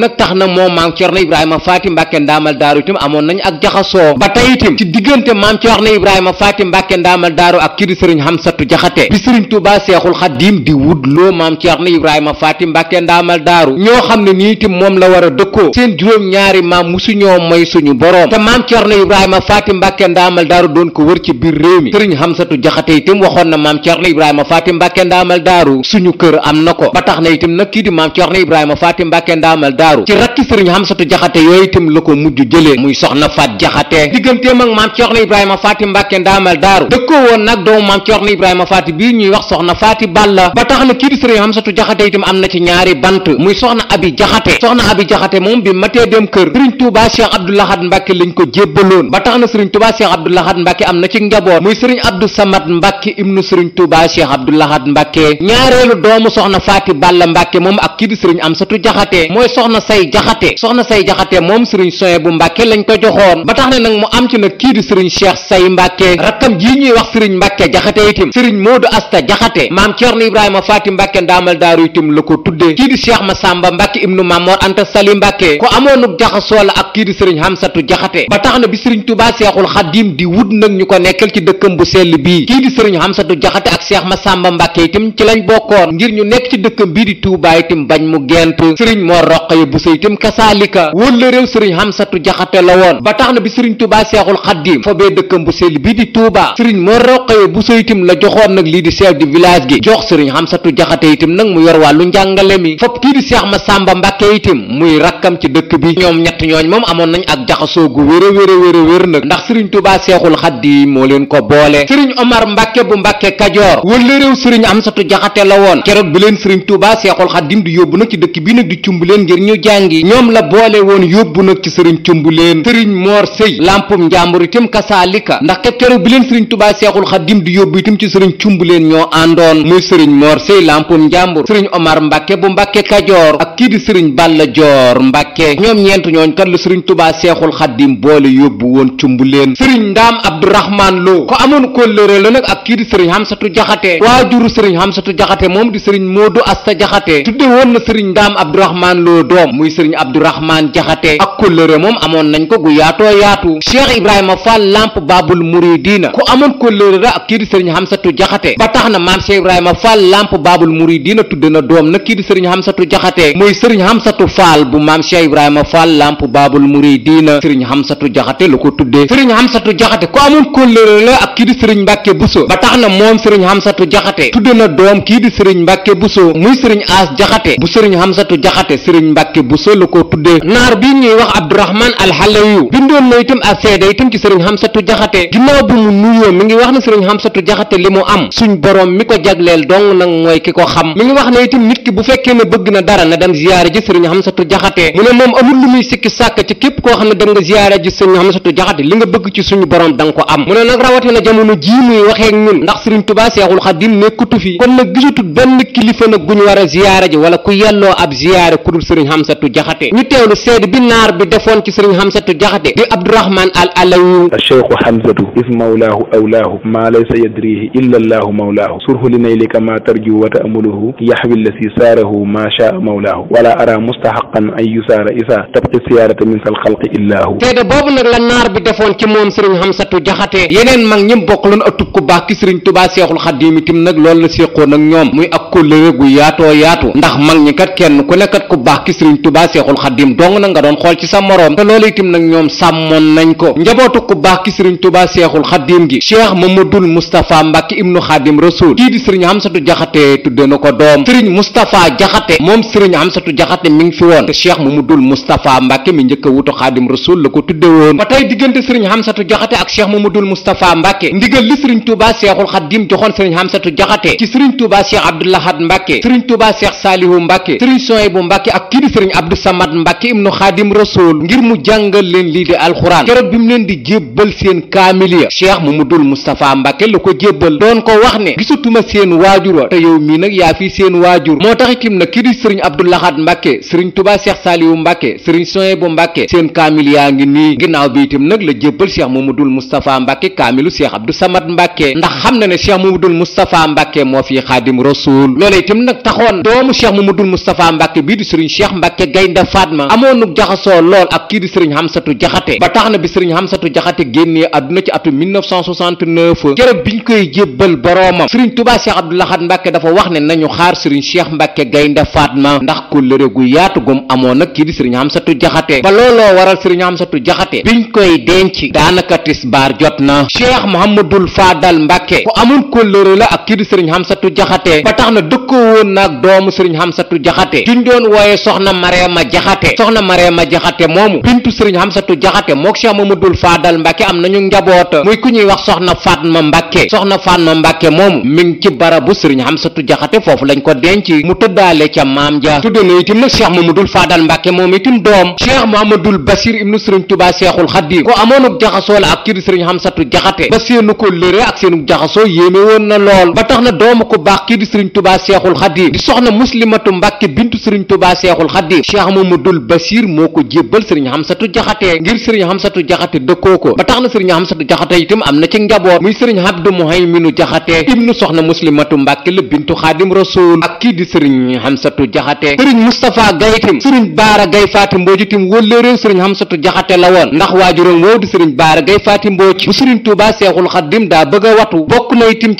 [SPEAKER 1] ba nag tax na moom maam Cerno Ibrahima Faty Mbàkke ndaamal daaru itam amoon nañu ak jaxasoo ba tey itam ci diggante maam Cerno Ibrahima Faty Mbàkke ndaamal daaru ak kii di sëriñ Xamsatu Jaxate bi sëriñ Tuubaa Seexul Xadiim di wut loo maam Cerno Ibrahima Faty Mbàkke ndaamal daaru ñoo xam ne nii itam moom la war a dëkkoo seen juróom-ñaari maam musuñoo moy suñu boroom te maam Cerno Ibrahima Faty Mbàkke ndaamal daaru doon ko wër ci biir réew mi sëriñ Xamsatu Jaxate itam waxoon na maam Cerno Ibrahima Faty Mbàkke ndaamal daaru suñu kër am na ko ba tax na itam nag kii di maam Cerno Ibrahima Faty Mbàkke ndaamal daaru ndakaaru ci rakki sëriñ Hamsatu jaxate yooyu itam la ko mujj jëlee muy soxna faat jaxate digganteem ak maam Ceerno Ibrahima Faati Mbàkke ndaamal daaru dëkkoo woon nag doomu maam Ceerno Ibrahima Faati bii ñuy wax soxna faati balla ba tax na kii di sëriñ Hamsatu jaxate itam am na ci ñaari bant muy soxna abi jaxate soxna abi jaxate moom bi matee dem kër sëriñ Tuubaa ko jébbaloon ba tax na sëriñ Tuubaa Cheikh Abdou Lahad Mbàkke am na ci njaboot muy sëriñ Abdou Samad Mbàkke ibnu sëriñ Tuubaa Cheikh Abdou Mbàkke ñaareelu doomu soxna faati balla Mbàkke moom ak kii di sëriñ soxna say jaxate soxna say jaxate moom sëriñ soye bu mbàkke lañ ko joxoon ba tax ne nag mu am ci nag kii di sëriñ cheikh say mbàkke rakkam jii ñuy wax sëriñ mbàkke jaxate itim sëriñ moodu asta jaxate maam ceerno a faati mbàkke ndaamal daaru itim la ko tuddee kii di cheikh masamba mbàkke ibnu mamor anta sali mbàkke ko amoonuk jaxasoo la ak kii di sëriñ xamsatu jaxate ba tax na bi sëriñ tubaa seexul xadim di wut nag ñu ko nekkal ci dëkkam bu sell Rokhaya Bousso itam kasaalika wóllëréew ba tax na bi sëriñ Tuubaa Seexul Xaddiim fobee dëkkam bu sell bii di Tuubaa sëriñ moo la joxoon nag lii di chef du village gi jox sëriñ Hamsatu Jaxate bi ñoom ñett ñooñ moom amoon nañ ak jaxasoo gu a wér a a wér nag ndax sëriñ Tuubaa Seexul Xaddiim moo leen ko boole sëriñ Omar Mbàkke bu Mbàkke Kajoor wóllëréew sëriñ Hamsatu Jaxate la woon keroog bi leen sëriñ Tuubaa Seexul Xaddiim di yóbbu nag ci dëkk bi nag di cumb leen ngir ñu jàngi ñoom la boole woon yóbbu nag ci sëriñ cumbuleen sëriñ moor sëy lampum njàmbur itam kasaalika ndaxte kero bi leen sëriñ tubaa seexul xadim di yóbbu itam ci sëriñ cumbuleen ñoo àndoon muy sëriñ moor sëy lampum njàmbur sëriñ omar mbàkke bu mbàkke kajoor ak kii di sëriñ balla joor mbàkke ñoom ñeent ñooñ kat la sëriñ tubaa seexul xadim boole yóbbu woon cumbuleen sëriñ ndaam abdourahman lo ko amoon kóllëre la nag ak kii di sëriñ xamsatu jaxate waajuru sëriñ xamsatu jaxate di sëriñ moodu asta jaxate tudde doom muy sëriñ abdourahmaan jaxate ak kóllëre moom amoon nañ ko gu yaatoo yaatu cheikh ibrahima fall lamp baabul muridiina ku amoon kóllëre la ak kii di sëriñ xamsatu jaxate ba tax na maam cheikh ibrahima fall lamp baabul muridiina tudd na doom na kii di sëriñ xamsatu jaxate muy sëriñ xamsatu fall bu maam cheikh ibrahima fall lamp baabul muridiina sëriñ xamsatu jaxate la ko tuddee sëriñ xamsatu jaxate ku amoon kóllëre la ak kii di sëriñ mbàkke buso ba tax na moom sëriñ xamsatu jaxate tudd na doom kii di sëriñ mbàkke buso muy sëriñ aas jaxate bu sëriñ Mbàkke Buso la ko tuddee naar bi ñuy wax Abdourahman Alxalawiyu bindoon na itam ak seede itam ci sëriñ Xamsatu Jaxate ginnaaw bu mu nuyoo mi ngi wax ne sëriñ Xamsatu Jaxate li mu am suñ borom mi ko jagleel dong na dem ziyaare ji sëriñ Xamsatu Jaxate mu ne moom amul lu muy sikki sàkk ci képp koo xam ne dem nga ji sëriñ Xamsatu Jaxate li nga bëgg ci suñu borom da nga ko am mu ne nag rawati na jamono jii muy waxee ak ñun ndax sëriñ Tuubaa Seexul Xadiim nekkutu fi kon nag gisutut benn a ziyaare ñu teewlu seede bi naar bi defoon ci sëriñ xamsatu jaxate di abdourahman al alawi cheikhu hamzatu is mawlaahu awlaahu maa laysa yadrihi illa allahu mawlaahu surhu li naylika ma tarju wa taamuluhu yaxwi lasi saarahu ma shaa mawlaahu wala ara mustahaqan an yusaara isaa tabqi siyaarata min sal xalqi illaahu seede boobu nag la naar bi defoon ci moom sëriñ xamsatu jaxate yeneen mag ñim bokkaloon atub ku baax ki sëriñ tubaa seexul xadim itam nag loolu la séqoon ak ñoom muy ak kóllëre gu yaatoo sëriñ tubaa seexul dong na nga doon xool ci sa moroom te loolu itam nag ñoom sàmmoon nañ ko njabootu ku baax ki sëriñ tubaa seexul xaddim gi cheikh mamadul moustapha mbàkke ibnu xaadim rasul kii di sëriñ xamsatu jaxate tudde na ko doom sëriñ moustapha jaxate moom sëriñ xamsatu jaxate mi ngi fi woon te cheikh mamadul moustapha mbàkke mi njëkk a wutu xaadim rasul la ko tudde woon ba tey diggante sëriñ xamsatu jaxate ak cheikh mamadul moustapha mbàkke ndigal li sëriñ tubaa seexul xaddim joxoon sëriñ xamsatu jaxate ci sëriñ tubaa cheikh abdoulahad mbàkke sëriñ tubaa cheikh saalihu mbàkke sëriñ soy bu mbàkke ak kii sëriñ Abdou Samad Mbàkke ibnu Xaadim Rasool ngir mu jàngal leen lii di alxuraan keroog bi mu leen di jébbal seen kaamil ya cheikh Mamadul Moustapha Mbàkke la ko jébbal doon ko wax ne gisatuma seen waajur wa te yow mii nag yaa fi seen waajur moo tax itam nag kii di sëriñ Abdou Lahad Mbàkke sëriñ Touba Cheikh Saliou Mbàkke sëriñ Sohaybu Mbàkke seen kaamil yaa ngi nii ginnaaw bi itam nag la jébbal cheikh Mamadul Moustapha Mbàkke kaamilu cheikh Abdou Samad Mbàkke ndax xam na ne cheikh Mamadul Moustapha Mbàkke moo fi Xaadim Rasool loolee itam nag taxoon doomu cheikh Mamadul Moustapha Mbàkke bii Mbàkke Gaynde Fatma amoonuk jaxasoo lool ak kii di sëriñ Hamsatu Jaxate ba tax na bi sëriñ Hamsatu Jaxate génnee àdduna ci atu 1969 cërëb biñ koy jébbal boroomam sëriñ Tuubaa Cheikh Mbàkke Gaynde Fatma ndax ko gu yaatu gum amoon nag kii di sëriñ Jaxate ba looloo waral sëriñ Hamsatu Jaxate biñ koy denc daanaka tisbaar jot na Cheikh Mouhamadul Fadal Mbàkke ku amul kóllëre la ak kii di sëriñ Hamsatu Jaxate ba tax na dëkkoo woon naag doomu sëriñ Hamsatu Jaxate juñ soxna Marema Jaxate soxna Marema Jaxate moomu bintu sëriñ Xamsatu Jaxate mook Cheikh Mamadul Faadal Mbàkke am nañu njaboota muy ku ñuy wax soxna Fatma Mbàkke soxna Fatma Mbàkke moomu mi ngi ci barabu sëriñ Xamsatu Jaxate foofu lañ ko denc mu tëddaale ca maam ja tudde na itam nag Cheikh Mamadul Faadal Mbàkke moom itam doom Jaxate ba seenu ko lëre ak seenu jaxasoo yéeme woon na lool ba tax na doomu ko baax kii di sëriñ Tubaa Seexul Xadiim di soxna Muslimatu Mbàkke bintu sëriñ Tubaa xaddim cheikh mamadul basir moo ko jébbal sëriñ xamsatu jaxate ngir sëriñ xamsatu jaxate dëkkoo ko ba tax na sëriñ xamsatu jaxate itam am na ci njaboot muy sëriñ abdu muhayminu jaxate ibnu soxna muslimatu mbàkke la bintu xaadim rasul ak kii di sëriñ xamsatu jaxate sëriñ mustapha gay itam sëriñ baara gay faati mbooj itam wóllëre sëriñ xamsatu jaxate la woon ndax waajuram woow di sëriñ baara gay faati mbooj bu sëriñ tuuba seexul xaddim daa bëgg a watu bokk na itam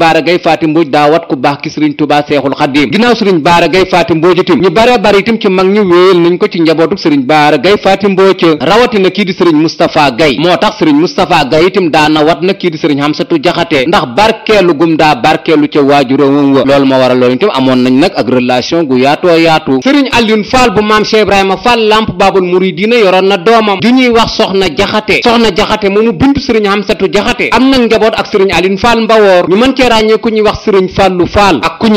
[SPEAKER 1] baara gay faati mbuuj daa wat ku baax ki sëriñ tubaa seexul xaddiim ginnaaw sëriñ baara gay faati mbuuj itam ñu bare bare itam ci mag ñi wéyal nañ ko ci njabootuk sëriñ baara gay faati mbuuj rawatina kii di sëriñ mustapha gay moo tax sëriñ mustapha gay itam daa na wat na kii di sëriñ xamsatu jaxate ndax barkeelu gum daa barkeelu ca waajuróomam wa loolu ma waral loolu itam amoon nañ nag ak relation gu yaatoo yaatu sëriñ Alioune Fall bu maam Cheikh ràññee ku ñuy wax sëriñ fàllu faal ak a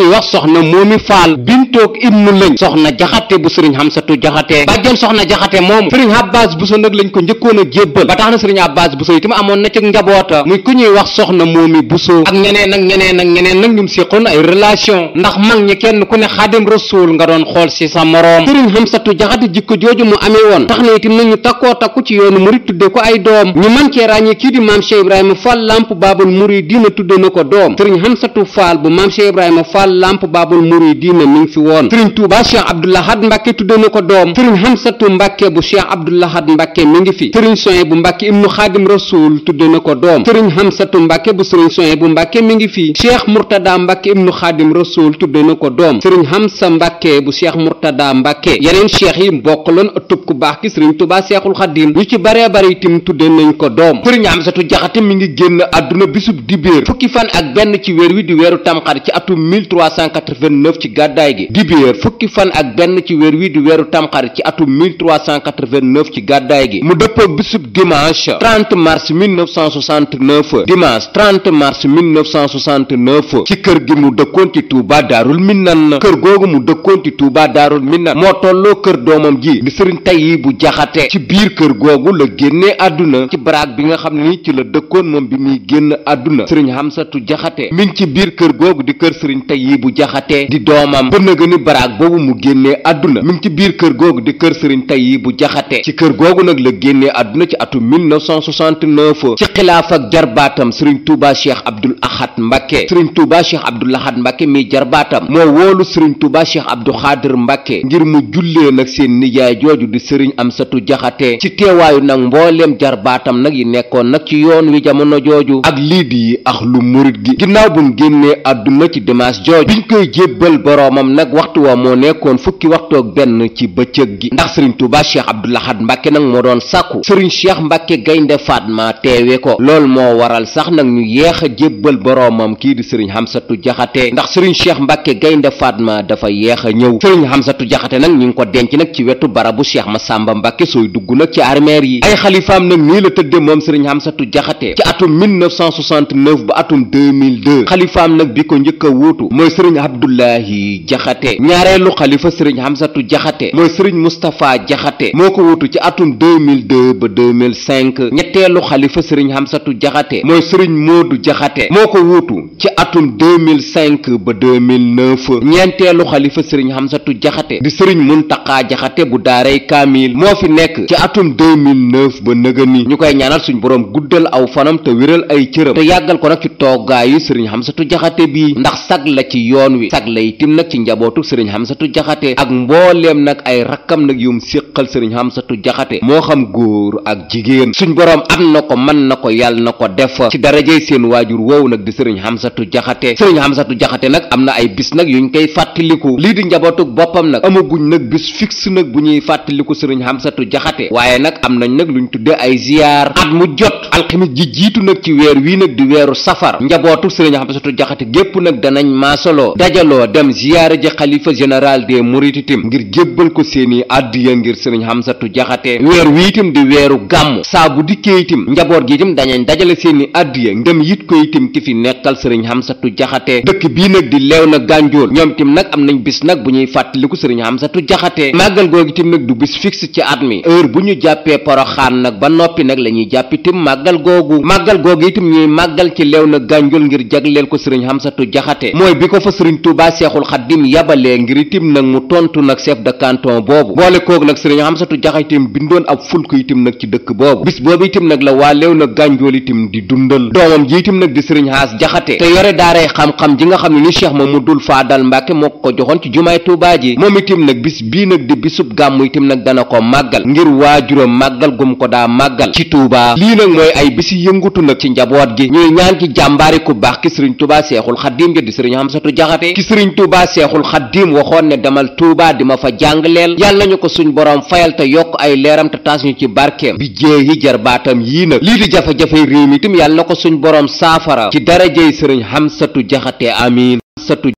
[SPEAKER 1] na sëriñ bu so itam amoon na ci njaboota muy ku ñuy wax soxna moomi buso ak ñeneen ak ñeneen ak ñeneen ndax mag ñi kenn ku ne xaadim rasul nga doon xool si sa moroom sëriñ xamsatu jaxate jikko jooju mu amee woon tax na itam nañu takkoo takku ci yoonu murid tudde ko ay doom ñu man cee ràññee kii di maam cheikh ibrahima fall lamp baabul murid diina tudde na ko doom sëriñ Hamsatu Faal bu maam Cheikh Ibrahima Faal Lamp Baabul Muridiina mi ngi fi woon sëriñ Touba Cheikh Abdoul Ahad Mbacke tudde na ko doom sëriñ Hamsatu Mbacke bu Cheikh Abdoul Ahad Mbacke mi ngi fi sëriñ bu Mbacke ibnu Xaadim Rasul tudde na ko doom sëriñ Hamsatu Mbacke bu sëriñ Soye bu Mbacke mi ngi fi Cheikh Murtada Mbacke ibnu Xaadim Rasul tudde na ko doom sëriñ Hamsa Mbacke bu Cheikh Murtada Mbacke yeneen cheikh yi mbokk loon ëttub ku baax ki sëriñ Touba Cheikhul Xadim ñu ci baree bari itam tudde nañ ko doom sëriñ Hamsatu Jaxate mi ngi génn àdduna bisub dibéer fukki fan ak benn benn ci weer wi di weeru tamxar ci atum 1389 ci gàddaay gi dibéer fukki fan ak benn ci weer wi di weeru tamxar ci atum 1389 ci gàddaay gi mu dëpp dëppook bisub dimanche 30 mars 1969 dimanche 30 mars 1969 ci kër gi mu dëkkoon ci Touba Daarul Minan kër googu mu dëkkoon ci Touba Daarul Minan moo tolloo kër doomam ji di sëriñ bu Jaxate ci biir kër googu la génnee àdduna ci baraag bi nga xam ni ci la dëkkoon moom bi muy génn àdduna sëriñ Hamsatu Jaxate mi ngi ci biir kër googu di kër sëriñ bu Jaxate di doomam ba nëga ni baraag boobu mu génnee àdduna mi ci biir kër googu di kër sëriñ bu Jaxate ci kër googu nag la génne génnee àdduna ci atum 1969 ci xilaaf ak jarbaatam sëriñ Touba Cheikh Abdoul Ahad Mbacke sëriñ Touba Cheikh Abdoul Ahad Mbacke mi jarbaatam moo woolu sëriñ Touba Cheikh Abdou Khadir mbakke ngir mu jullee nag seen nijaay jooju di sëriñ Amsatu Jaxate ci teewaayu nag mbooleem jarbaatam nag yi nekkoon nag ci yoon wi jamono jooju ak lii ax lu murit gi ginnaaw bu mu génnee àdduna ci dimanche jooju biñ koy jébbal boroomam nag waxtu wa moo nekkoon fukki waxtoog benn ci bëccëg gi ndax sëriñ Touba Cheikh Abdoul Ahad sàkku sëriñ cheikh mbàkke gaynde faatma teewe ko loolu moo waral sax nag ñu yeex a jébbal boroomam kii di sëriñ xamsatu jaxate ndax sëriñ cheikh mbàkke gaynde faatma dafa yeex a ñëw sëriñ xamsatu jaxate nag ñu ngi ko denc nag ci wetu barabu ma masàmba mbàkke sooy dugg nag ci armeer yi ay xalifaam nag nii la tëdde moom sëriñ xamsatu jaxate ci atum 1969 ba atum 2002 xalifaam nag bi ko njëkk a wuutu mooy sëriñ abdullahi jaxate ñaareelu xalifa sëriñ xamsatu jaxate mooy sëriñ mustapha jaxate moo ko wuutu ci atum 2002 2002 ba 2005 ñetteelu xalifa sëriñ Hamsatu Jaxate mooy sëriñ Moodu Jaxate moo ko wuutu ci atum 2005 ba 2009 ñeenteelu xalifa sëriñ Hamsatu Jaxate di sëriñ Muntaxa Jaxate bu daaray Kaamil moo fi nekk ci atum 2009 ba nëgëni ñu koy ñaanal suñ boroom guddal aw fanam te wéral ay cëram te yàggal ko nag ci toogaayu sëriñ Hamsatu Jaxate bii ndax sag la ci yoon wi sag la itim nag ci njabootu sëriñ Hamsatu Jaxate ak mbooleem nag ay rakkam nag yum séqal sëriñ Hamsatu Jaxate góor ak jigéen suñ boroom am na ko mën na ko yàlla na ko def ci darajey seen waajur woowu nag di sëriñ xamsatu jaxate sëriñ xamsatu jaxate nag am na ay bis nag yuñ koy fàttaliku lii di njabootuk boppam nag amaguñ nag bis fixe bu ñuy fàttaliku sëriñ xamsatu jaxate waaye nag am nañ nag luñ tudde ay ziyaar at mu jot alxamis ji jiitu nag ci weer wii nag di weeru safar njabootuk sëriñ xamsatu jaxate gépp nag danañ maasaloo dajaloo dem ziyaara ji xalifa général des mourides itam ngir jébbal ko seeni àddiya ngir sëriñ xamsatu jaxate weer wi itam di muy weeru gàmmu saa bu dikkee itam njaboot gi itam dañañ dajale seeni àddiya ngëm yit ko itam ki fi nekkal sëriñ Xamsatu Jaxate na bu ñuy fàttaliku sëriñ Xamsatu Jaxate màggal googu itam nag du bis fixe ci at mi heure bu ñu jàppee poroxaan nag ba noppi nag la ñuy jàpp itam màggal googu màggal googu itam ñuy màggal ci leew na gànjool ngir jagleel ko sëriñ Xamsatu Jaxate mooy bi ko fa sëriñ Tuubaa Seexul Xaddim yabalee ngir itam nag mu tontu nag chef de boobu boole koog nag sëriñ Xamsatu itam nag ci dëkk boobu bis boobu itam nag la waa Léona Gandiol itam di dundal doomam ji itam nag di sëriñ Xaas Jaxate te yore daaray xam-xam ji nga xam ne ni Cheikh Mamadul Faadal Mbàkke moo ko joxoon ci jumaay Tuubaa ji moom itam nag bis bii nag di bisub gàmmu itam nag dana ko màggal ngir waajuram màggal gum ko daa màggal ci Tuubaa lii nag mooy ay bisi yëngutu nag ci njaboot gi ñuy ñaan ci jàmbaari ku baax ki sëriñ Tuubaa Seexul Xaddiim ja di sëriñ Xamsatu Jaxate ki sëriñ Tuubaa Seexul Xaddiim waxoon ne demal Tuubaa di ma fa jàngleel yàlla nañu ko suñ boroom fayal te barkeem bi jéeyi jarbaatam yii nag lii di jafe-jafey réew mi yàlla na ko suñ boroom saafara ci darajey sëriñ Hamsatu Jaxate amiin Hamsatu